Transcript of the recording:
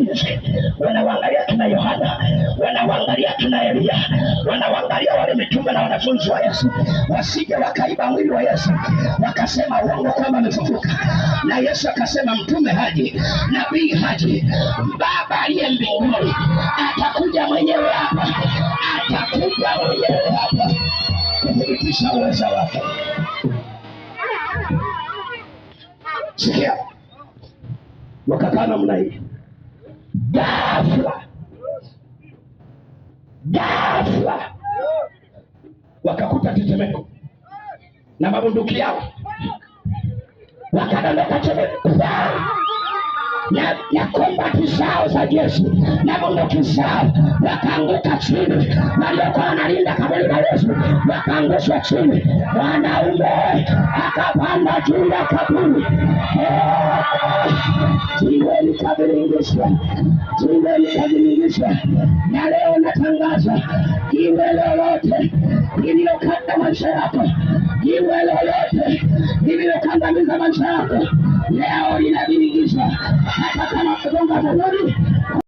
nje, wanawaangalia kina Yohana, wanawaangalia kina Elia, wanawaangalia wale mitume na wanafunzi wa Yesu, wasije wakaiba mwili wa Yesu wakasema uongo kwamba amefufuka. Na Yesu akasema mtume haji, nabii haji, Baba aliye mbinguni atakuja mwenyewe hapa, atakuja mwenyewe hapa kuthibitisha uweza wake. Sikia wakakana mna hii ghafla ghafla wakakuta tetemeko na mabunduki yao wakadondoka chini na, na kombati zao za jeshi na bunduki zao wakaanguka chini. Waliokuwa wanalinda kaburi la Yesu wakaangushwa chini, mwanaume akapanda juu ya kaburi litakamilishwa, jina eh? litakamilishwa. Eh? Na leo natangaza jiwe lolote lililokata maisha yako, jiwe lolote lililokandamiza maisha yako, leo linaviringishwa, hata kama kugonga mgodi